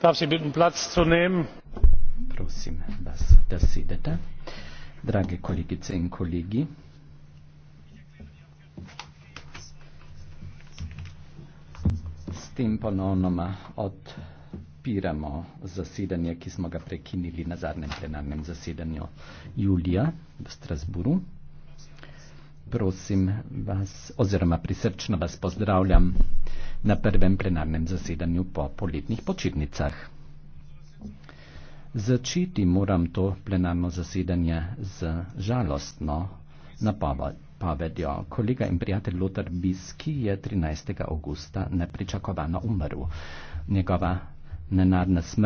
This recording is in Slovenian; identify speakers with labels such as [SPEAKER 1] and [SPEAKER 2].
[SPEAKER 1] darf sie bitten platz zu nehmen.
[SPEAKER 2] Prosim, das, das Drage kolegice in kolegi. S tem ponovnoma odpiramo zasedanje, ki smo ga prekinili na zadnjem plenarnem zasedanju julija v Strasburu. Prosim vas, oziroma prisrčno vas pozdravljam na prvem plenarnem zasedanju po poletnih počitnicah. Začeti moram to plenarno zasedanje z žalostno napovedjo. Kolega in prijatelj Lothar Biski je 13. avgusta nepričakovano umrl.
[SPEAKER 3] Njegova nenadna smrt.